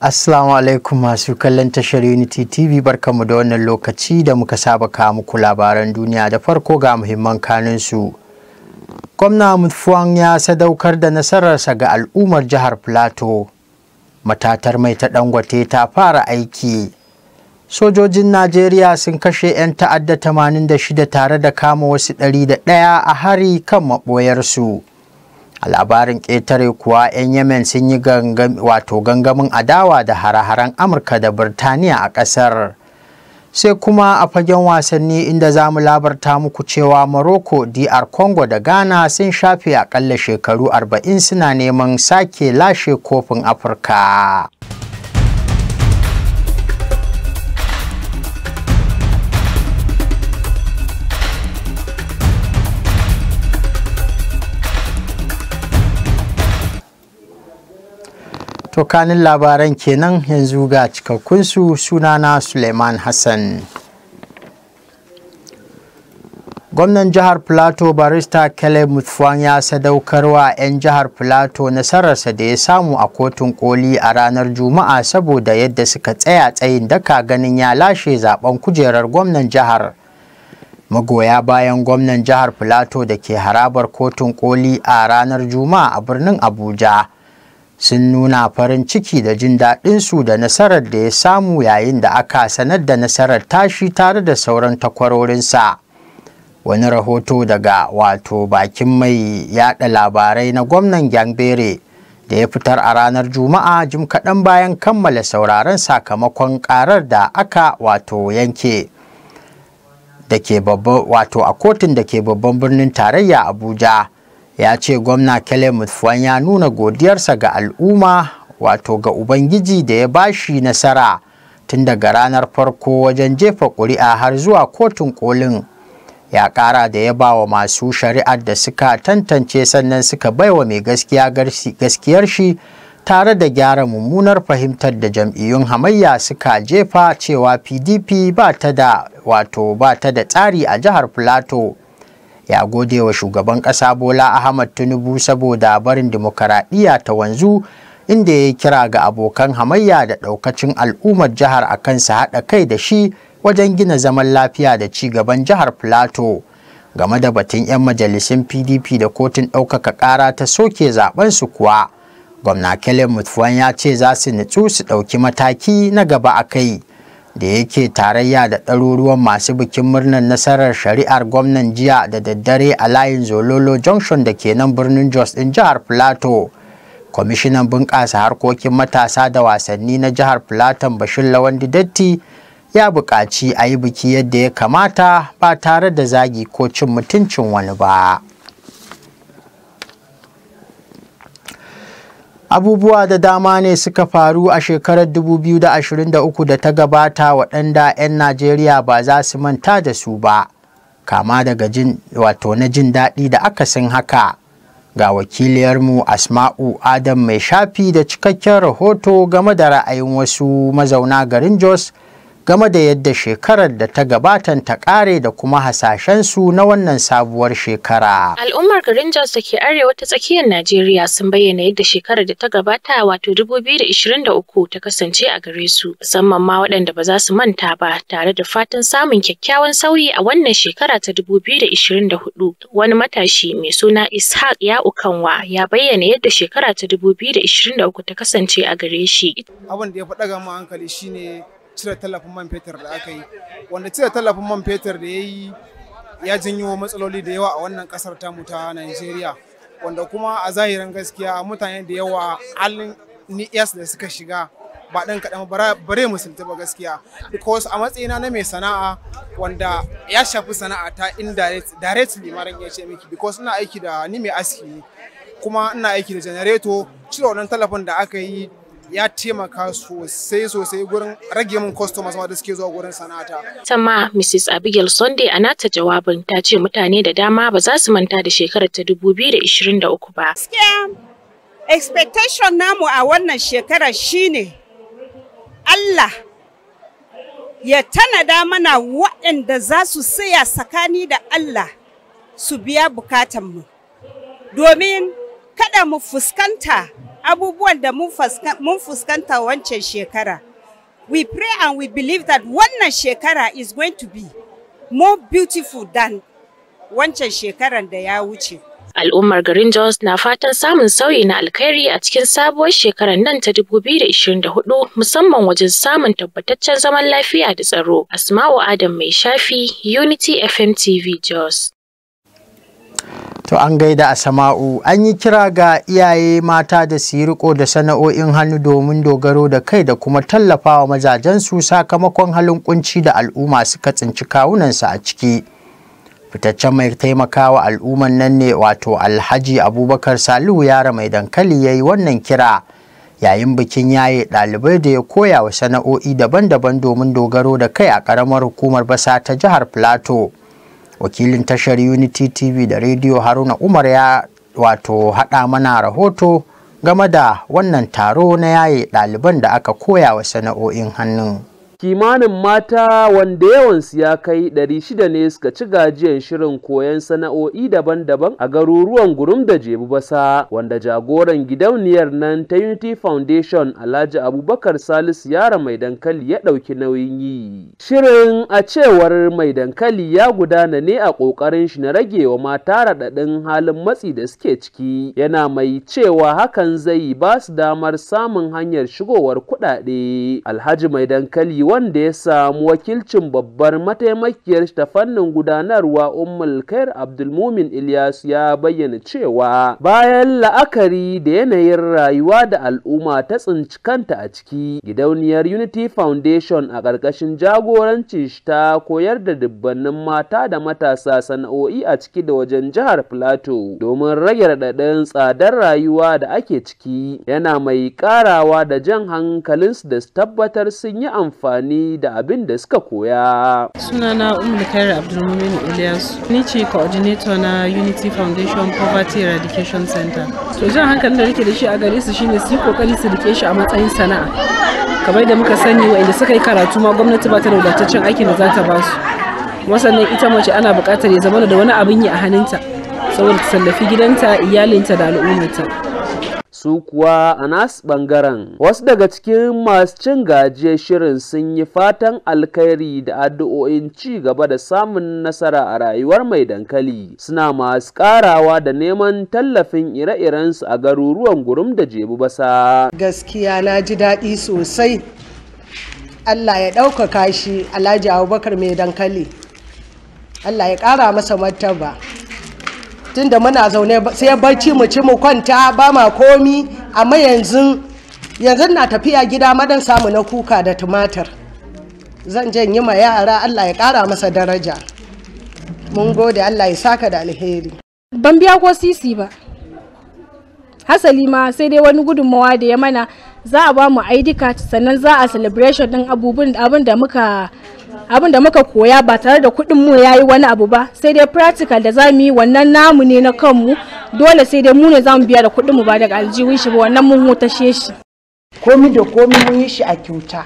Assalamu alaikum masu kallon tashar Unity TV barkamu da wannan lokaci da muka saba ka muku labaran duniya da farko ga muhimman kanunsu. Gwamna Mutfuang ya sadaukar da nasararsa ga al'ummar jihar Plateau. Matatar mai ta Dangote ta fara aiki. Sojojin Najeriya sun kashe 'yan ta'adda 86 tare da kama wasu 101 a hari kan maɓoyarsu. su. a labarin ƙetare kuwa 'yan yemen sun yi wato gangamin adawa da haraharan amurka da birtaniya a ƙasar sai kuma a fagen wasanni inda za mu labarta muku cewa morocco dr congo da ghana sun shafe akalla shekaru 40 suna neman sake lashe kofin afirka To kanin labaran kenan yanzu ga cikakkunsu sunana Suleiman Hassan. Gwamnan jihar Filato barista Caleb Mutfuan ya sadaukarwa 'yan jihar Filato nasararsa da ya samu a kotun koli a ranar Juma'a saboda yadda suka tsaya tsayin daka ganin ya lashe zaben kujerar gwamnan jihar. Magoya bayan gwamnan jihar Filato da ke harabar kotun koli a ranar Juma'a a birnin Abuja. sun nuna farin ciki da jin daɗinsu da nasarar da ya samu yayin da aka sanar da nasarar tashi tare da sauran takwarorinsa wani rahoto daga wato bakin mai yaɗa labarai na gwamnan gyambere da ya fitar a ranar juma'a jim kaɗan bayan kammala sauraron sakamakon ƙarar da aka wato yanke wato a kotun da ke babban birnin tarayya abuja ya ce gwamna kele mutfuwan ya nuna godiyarsa ga al'umma wato ga Ubangiji da ya bashi nasara tun daga ranar farko wajen jefa ƙuri'a har zuwa kotun kolin ya ƙara da ya ba wa masu shari'ar da suka tantance sannan suka baiwa mai gaskiya gaskiyar shi tare da gyara mummunar fahimtar da jam'iyyun hamayya suka jefa cewa pdp ba ta da wato ba ta da tsari a jihar plateau ya gode wa shugaban ƙasa bola ahmad tinubu saboda barin dimokuraɗiyya ta wanzu inda ya kira ga abokan hamayya da ɗaukacin al'ummar jihar a kansa haɗa kai da shi wajen gina zaman lafiya da ci gaban jihar plato game da batun 'yan majalisun pdp da kotun ɗaukaka ƙara ta soke su kuwa gwamna kellen mutuwan ya ce za su nutsu su ɗauki mataki na gaba a kai da yake tarayya da ɗaruruwan masu bikin murnar nasarar shari'ar gwamnan jiya da daddare a layin zololo junction da ke nan birnin jos ɗin jihar plateau kwamishinan bunƙasa harkokin matasa da wasanni na jihar plateau bashir lawan datti ya buƙaci a yi biki yadda ya kamata ba tare da zagi ko cin mutuncin wani ba. abubuwa da dama ne suka faru a shekarar 2023 da ta gabata waɗanda 'yan najeriya ba za su manta da su ba kama daga jin wato na jin daɗi da aka akasin haka ga wakiliyarmu asma'u adam mai shafi da cikakken rahoto game da ra'ayin wasu mazauna garin jos game da yadda shekarar da ta gabatan ta kare da kuma hasashen su na wannan sabuwar shekara. Al'ummar garin Jos da ke arewa ta tsakiyar Najeriya sun bayyana yadda shekarar da ta gabata wato 2023 ta kasance a gare su musamman ma waɗanda ba za su manta ba tare da fatan samun kyakkyawan sauyi a wannan shekara ta 2024. Wani matashi mai suna Ishaq ya ukanwa ya bayyana yadda shekara ta 2023 ta kasance a gare shi. Abin da ya faɗa ɗaga mu hankali shine cire tallafin man fetur da aka yi wanda cire tallafin man fetur da ya yi ya janyo matsaloli da yawa a wannan kasar tamu ta Najeriya wanda kuma a zahirin gaskiya mutane da yawa halin ni'yas da suka shiga ba ɗan kaɗan bare musulta ba gaskiya because a matsayina na mai sana'a wanda ya shafi sana'a ta indirect directly ya ce miki because ina aiki da ni mai aski kuma ina aiki da janareto cire wannan talafin da aka yi ya taimaka sosai sosai gurin rage min customers ma da suke zuwa gurin sana'ata. Ta Mrs. Abigail Sunday a nata jawabin ta ce mutane da dama ba za su manta da shekarar ta 2023 ba. Gaskiya expectation namu a wannan shekarar shine Allah ya tanada mana waɗanda za su saya tsakani da Allah su biya bukatanmu domin kada mu fuskanta abubuwan da mun fuskanta wancan shekara. We pray and we believe that wannan shekara is going to be more beautiful than wancan shekaran da ya wuce. Al'ummar garin Jos na fatan samun sauyi na alkhairi a cikin sabuwar shekarar nan ta 2024 musamman wajen samun tabbataccen zaman lafiya da tsaro. Asma'u Adam mai shafi Unity FM TV Jos. To an gaida a sama'u an yi kira ga iyaye mata da su riko da sana'o'in hannu domin dogaro da kai da kuma tallafawa mazajensu sakamakon halin kunci da al'umma suka tsinci kawunansu a ciki. Fitaccen mai taimakawa al'umman nan ne wato Alhaji Abubakar Salihu yara mai dankali ya yi wannan kira yayin bikin yaye ɗalibai da ya koya wa sana'o'i daban-daban domin dogaro da kai a ƙaramar hukumar basa ta jihar Plateau. wakilin tashar unity tv da rediyo haruna umar ya wato haɗa mana rahoto game da wannan taro na yaye ɗaliban da aka koya wa sana'o'in hannun kimanin mata wanda yawansu ya kai 600 ne suka ci gajiyar shirin koyon sana'o'i daban-daban a garuruwan gurum da jebu basa wanda jagoran gidauniyar nan ta unity foundation alhaji abubakar salisu yara mai dankali ya ɗauki nauyin yi shirin a cewar mai dankali ya gudana ne a ƙoƙarin shi na rage wa mata raɗaɗin halin matsi da suke ciki yana mai cewa hakan zai ba su damar samun hanyar shigowar kuɗaɗe alhaji mai dankali wanda ya samu wakilcin babbar mataimakiyar ta fannin gudanarwa Ummul Khair Abdulmumin Ilyas ya bayyana cewa bayan la'akari da yanayin rayuwa da al'umma ta tsinci kanta a ciki gidauniyar Unity Foundation a ƙarƙashin jagorancin ta koyar da dubbannin mata da matasa sana'o'i a ciki da wajen jihar Plateau domin rage raɗaɗin tsadar rayuwa da ake ciki yana mai ƙarawa da jan hankalinsu da tabbatar sun yi amfani amfani da abin da suka koya. Sunana Umar Kair Abdulmumin Ilyas, ni ce coordinator na Unity Foundation Poverty Eradication Center. To jan hankalin da rike da shi a gare su shine su yi kokari su rike shi a matsayin sana'a. Kamar da muka sani inda suka yi karatu ma gwamnati ba ta da wadataccen aikin da za ta ba su. Masannan ita mace ana buƙatar ya zama da wani abin yi a hannunta saboda ta tallafi gidanta, iyalinta da al'ummarta. su kuwa a nasu ɓangaren wasu daga cikin masu cin gajiyar shirin sun yi fatan alkhairi da addu'o'in ci gaba da samun nasara a rayuwar mai dankali suna masu ƙarawa da neman tallafin ire iren su a garuruwan gurum da jebu basa gaskiya na ji daɗi sosai allah ya ɗaukaka shi alhaji abubakar mai dankali allah ya ƙara masa martaba tunda muna zaune sai barci mu ci mu kwanta ba ma komi amma yanzu yanzu na tafiya gida madan samu na kuka da tumatir zan yi ma yara Allah ya kara masa daraja mun gode Allah ya saka da alheri ban biya ko sisi ba hasali ma sai dai wani gudunmawa da ya mana za a ba mu id card sannan za a celebration din abubuwan abin da muka abin da muka koya ba tare da kuɗin mu yayi wani abu ba sai dai practical da zamu yi wannan namu ne na kanmu dole sai dai mu ne zamu biya da kuɗin mu ba daga aljihun shi ba wannan mun hutashe shi komi da komi mun yi shi a kyauta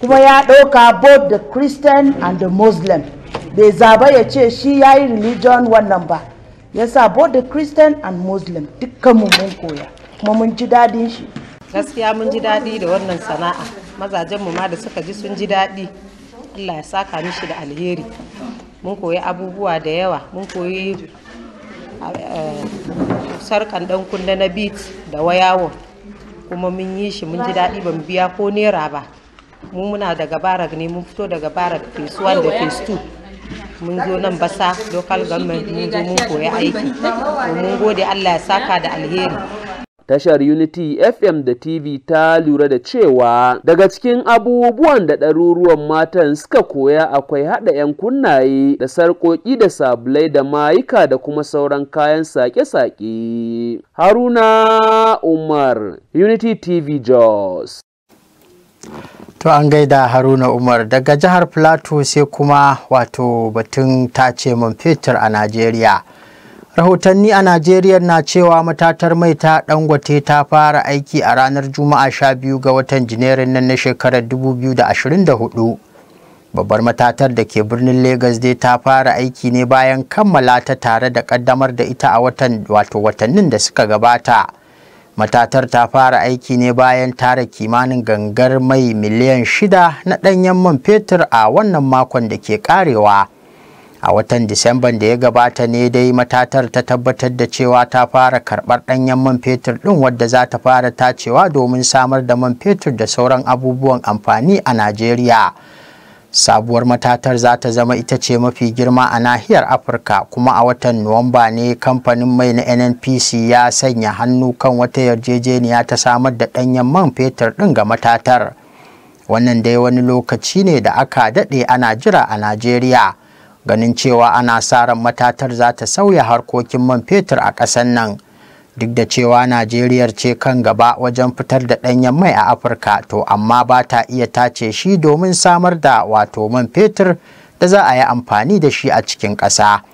kuma ya ɗauka both the christian and the muslim bai zaba ya ce shi ya yi religion wannan ba ya sa both the christian and muslim dukkan mu, mun koya kuma mun ji daɗin shi gaskiya mun ji daɗi da wannan sana'a mazajenmu ma da suka ji sun ji daɗi Allah ya saka mishi da alheri mun koyi abubuwa da yawa mun koyi eh, sarkan dan kunne na bit da wayawo kuma mun yi shi mun ji daɗi ban biya ko naira ba mu muna daga barak ne mun fito daga barak phase 1 da phase 2 mun zo nan basa local government mun zo mun koyi aiki mun gode Allah ya saka da alheri Tashar Unity FM da TV ta lura da cewa daga cikin abubuwan da ɗaruruwan matan suka koya akwai haɗa 'yan kunnaye da sarƙoƙi da sabulai da mayuka da kuma sauran kayan sake-sake. Haruna Umar, Unity TV Jos. To an gaida Haruna Umar daga jihar Plateau sai kuma wato batun tace mun fetur a Najeriya. rahotanni a najeriya na cewa matatar mai ta dangote ta fara aiki a ranar juma'a 12 ga watan janairun nan na shekarar 2024 babbar matatar da ke birnin Legas dai ta fara aiki ne bayan kammala ta tare da kaddamar da ita a watan wato watannin da suka gabata matatar ta fara aiki ne bayan tara kimanin gangar mai miliyan shida na ɗanyen man fetur a wannan makon da ke karewa. a watan disamban da ya gabata ne dai matatar ta tabbatar da cewa ta fara karɓar ɗanyen man fetur ɗin wadda za ta fara tacewa domin samar da man fetur da sauran abubuwan amfani a najeriya sabuwar matatar za ta zama ita ce mafi girma a nahiyar afirka kuma a watan nuwamba ne kamfanin mai na nnpc ya sanya hannu kan wata yarjejeniya ta samar da ɗanyen man fetur ɗin ga matatar wannan dai wani lokaci ne da aka daɗe ana jira a najeriya ganin cewa ana sa ran matatar za ta sauya harkokin man fetur a ƙasar nan duk da cewa Najeriya ce kan gaba wajen fitar da ɗanyen mai a afirka to amma ba ta iya tace shi domin samar da wato man fetur da za a yi amfani da shi a cikin ƙasa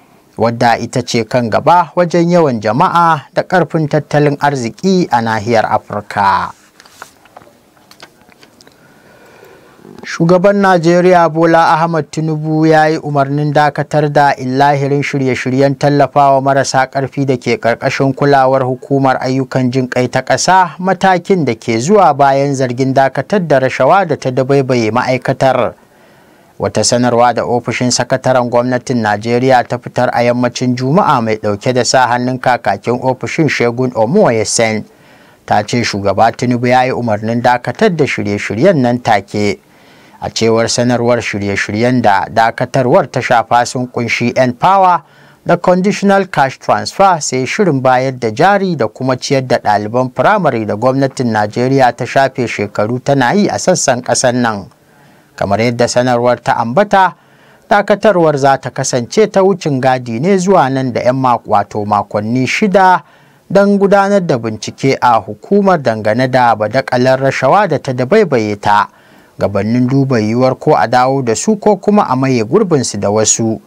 wadda ita ce kan gaba wajen yawan jama'a da ƙarfin tattalin arziki a nahiyar afirka shugaban najeriya bola ahmad tinubu ya yi umarnin dakatar da illahirin shirye-shiryen tallafawa marasa ƙarfi da ke ƙarƙashin kulawar hukumar ayyukan jin ƙai ta ƙasa matakin da ke zuwa bayan zargin dakatar da rashawa da ta dabaibaye ma'aikatar wata sanarwa da ofishin sakataren gwamnatin najeriya ta fitar a yammacin juma'a mai ɗauke da sa hannun kakakin ofishin shegun Sen ta ce shugaba tinubu ya yi umarnin dakatar da shirye-shiryen nan take a cewar sanarwar shirye-shiryen da dakatarwar ta shafa sun kunshi 'yan power da conditional cash transfer sai shirin bayar da jari da kuma ciyar da ɗaliban firamare da gwamnatin najeriya ta shafe shekaru tana yi a sassan ƙasar nan kamar yadda sanarwar ta ambata dakatarwar za ta kasance ta wucin gadi ne zuwa nan da 'yan wato makonni shida don gudanar da bincike a hukumar dangane da badakalar rashawa da ta dabaibaye ta. Gabannin duba yiwuwar ko a dawo da su ko kuma a maye gurbinsu da wasu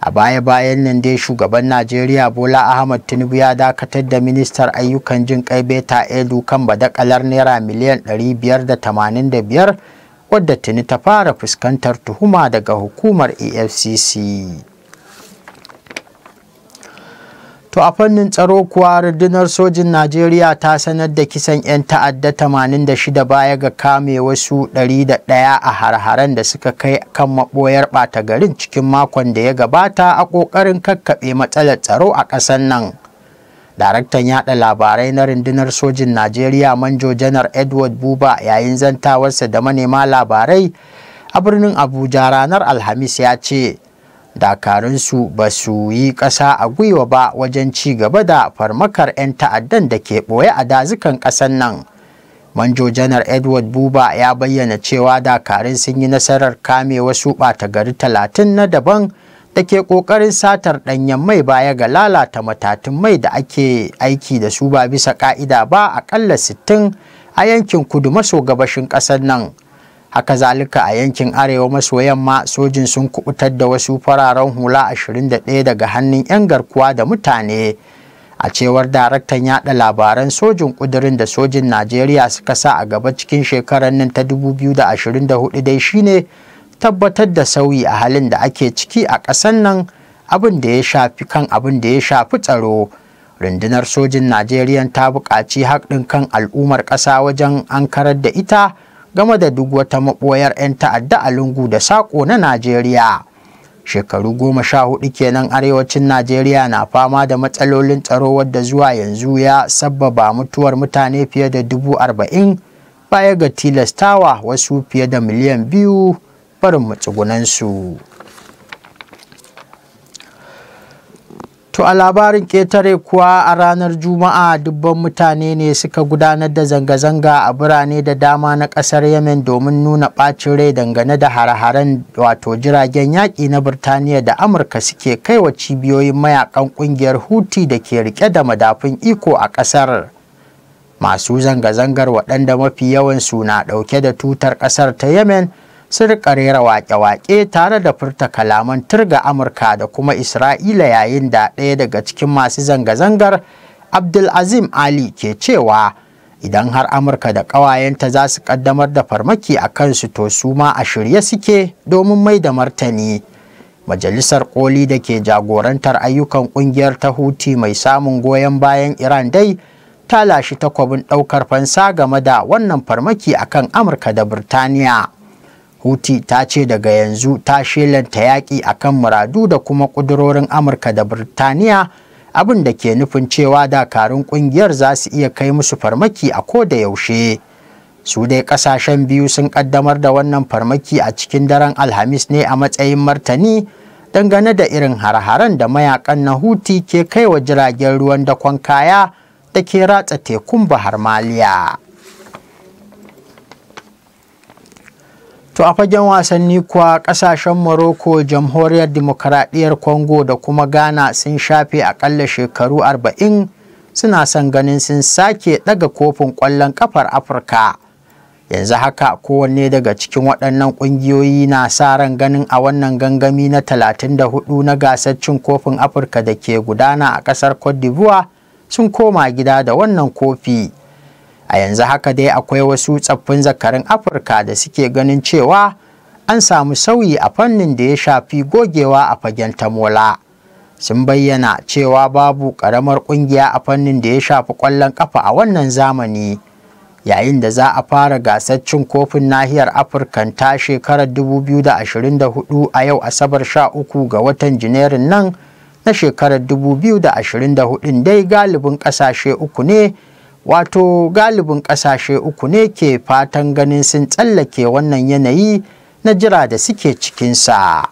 a baya-bayan nan dai shugaban najeriya bola ahmad tinubu ya dakatar da ministar ayyukan jin kai beta edu kan badakalar naira miliyan 585 wadda tuni ta fara fuskantar tuhuma daga hukumar efcc To a fannin tsaro kuwa rundunar sojin Najeriya ta sanar da kisan 'yan ta'adda 86 baya ga kame wasu 101 a harharen da suka kai kan maɓoyar ɓata garin cikin makon da ya gabata a ƙoƙarin kakkaɓe matsalar tsaro a ƙasar nan. Daraktan yaɗa labarai na rundunar sojin Najeriya Manjo Janar Edward Buba yayin zantawarsa da manema labarai a birnin Abuja ranar Alhamis ya ce. dakarunsu ba su yi ƙasa a gwiwa ba wajen ci gaba da farmakar 'yan ta'addan da ke ɓoye a dazukan ƙasar nan manjo janar edward buba ya bayyana cewa dakarun sun yi nasarar kame wasu ɓata gari talatin na daban da ke ƙoƙarin satar ɗanyen mai baya ga lalata matatun mai da ake aiki da su ba bisa ƙa'ida ba a ƙalla 60 a yankin kudu maso gabashin ƙasar nan. haka zalika a yankin arewa maso yamma sojin sun kubutar da wasu fararen hula 21 daga hannun 'yan garkuwa da mutane a cewar daraktan yada labaran sojin kudirin da sojin najeriya suka sa a gaba cikin shekarar nan ta 2024 dai shine tabbatar da sauyi a halin da ake ciki a ƙasar nan abin da ya shafi kan abin da ya shafi tsaro rundunar sojin najeriya ta buƙaci haɗin kan al'ummar ƙasa wajen ankarar da ita game da duk wata maɓoyar 'yan ta'adda a lungu da saƙo na Najeriya. Shekaru goma sha hudu kenan arewacin Najeriya na fama da matsalolin tsaro wadda zuwa yanzu ya sabbaba mutuwar mutane fiye da dubu arba'in baya ga tilastawa wasu fiye da miliyan biyu barin matsugunansu. To a labarin ƙetare kuwa a ranar Juma'a dubban mutane ne suka gudanar da zanga-zanga a birane da dama na ƙasar Yemen domin nuna ɓacin rai dangane da hare-haren wato jiragen yaƙi na Birtaniya da Amurka suke kaiwa cibiyoyin mayakan ƙungiyar Houthi da ke riƙe da madafun iko a ƙasar. Masu zanga-zangar waɗanda mafi yawansu na ɗauke da tutar ƙasar ta Yemen. su rika waƙe wake tare da furta kalaman turga amurka da kuma isra'ila yayin da ɗaya daga cikin masu zanga-zangar abdulazim ali ke cewa idan har amurka da ƙawayenta za su ƙaddamar da farmaki a kansu to su ma a shirye suke domin mai da martani majalisar koli da ke jagorantar ayyukan ƙungiyar ta huti mai samun goyon bayan iran dai ta lashi takwabin ɗaukar fansa game da wannan farmaki akan amurka da birtaniya Huti ta ce daga yanzu ta shelanta yaƙi a kan muradu da kuma ƙudurorin Amurka da Birtaniya abin da ke nufin cewa dakarun ƙungiyar za su iya kai musu farmaki a ko da yaushe. Su dai ƙasashen biyu sun ƙaddamar da wannan farmaki a cikin daren Alhamis ne a matsayin martani dangane da irin har-haren da mayakan na Huti ke kai wa jiragen ruwan dakon kaya da ke ratsa tekun Bahar Maliya. To a fagen wasanni kuwa kasashen Morocco, Jamhuriyar Dimokuraɗiyyar Congo da kuma Ghana sun shafe akalla shekaru arba'in suna son ganin sun sake ɗaga kofin ƙwallon ƙafar Afirka. Yanzu haka kowanne daga cikin waɗannan ƙungiyoyi na sa ran ganin a wannan gangami na 34 na gasar cin kofin Afirka da ke gudana a ƙasar Cote d'Ivoire sun koma gida da wannan kofi. a yanzu haka dai akwai wasu tsaffin zakarin afirka da suke ganin cewa an samu sauyi a fannin da ya shafi gogewa a fagen tamola sun bayyana cewa babu ƙaramar ƙungiya a fannin da ya shafi ƙwallon ƙafa a wannan zamani yayin da za a fara gasar cin kofin nahiyar afirka ta shekarar 2024 a yau asabar 13 ga watan janairun nan na shekarar 2024 dai galibin ƙasashe uku ne wato galibin ƙasashe uku ne ke fatan ganin sun tsallake wannan yanayi na jira da suke cikinsa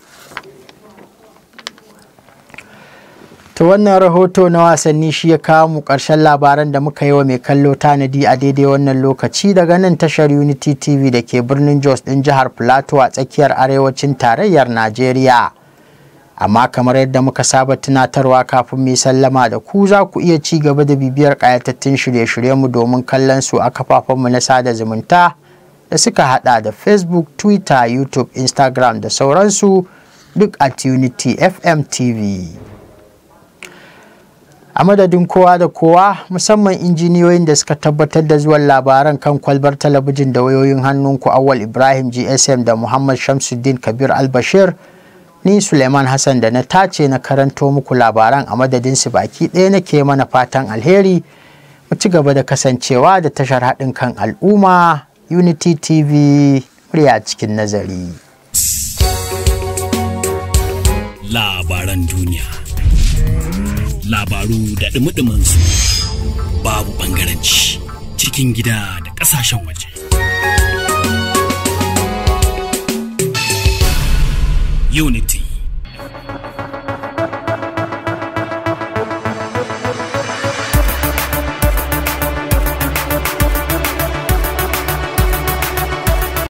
ta wannan rahoto na wasanni shi ya kawo mu ƙarshen labaran da muka yi wa mai kallo tanadi a daidai wannan lokaci daga nan tashar unity tv da ke birnin jos ɗin jihar plateau a tsakiyar arewacin tarayyar najeriya amma kamar yadda muka saba tunatarwa kafin mai sallama da ku za ku iya ci gaba da bibiyar ƙayatattun shirye-shiryenmu domin kallon su a kafafenmu na sada zumunta da suka hada da facebook twitter youtube instagram da sauransu duk a unity fm tv a madadin kowa da kowa musamman injiniyoyin da suka tabbatar da zuwan labaran kan kwalbar talabijin da wayoyin hannunku awal ibrahim gsm da muhammad shamsuddin kabir al-Bashir. ni Suleiman Hassan da na tace na karanto muku labaran a madadin su baki ɗaya nake mana fatan alheri mu ci gaba da kasancewa da tashar haɗin kan al'umma Unity TV murya cikin nazari. Labaran duniya Labaru da ɗumi su babu ɓangaranci cikin gida da ƙasashen waje. unity.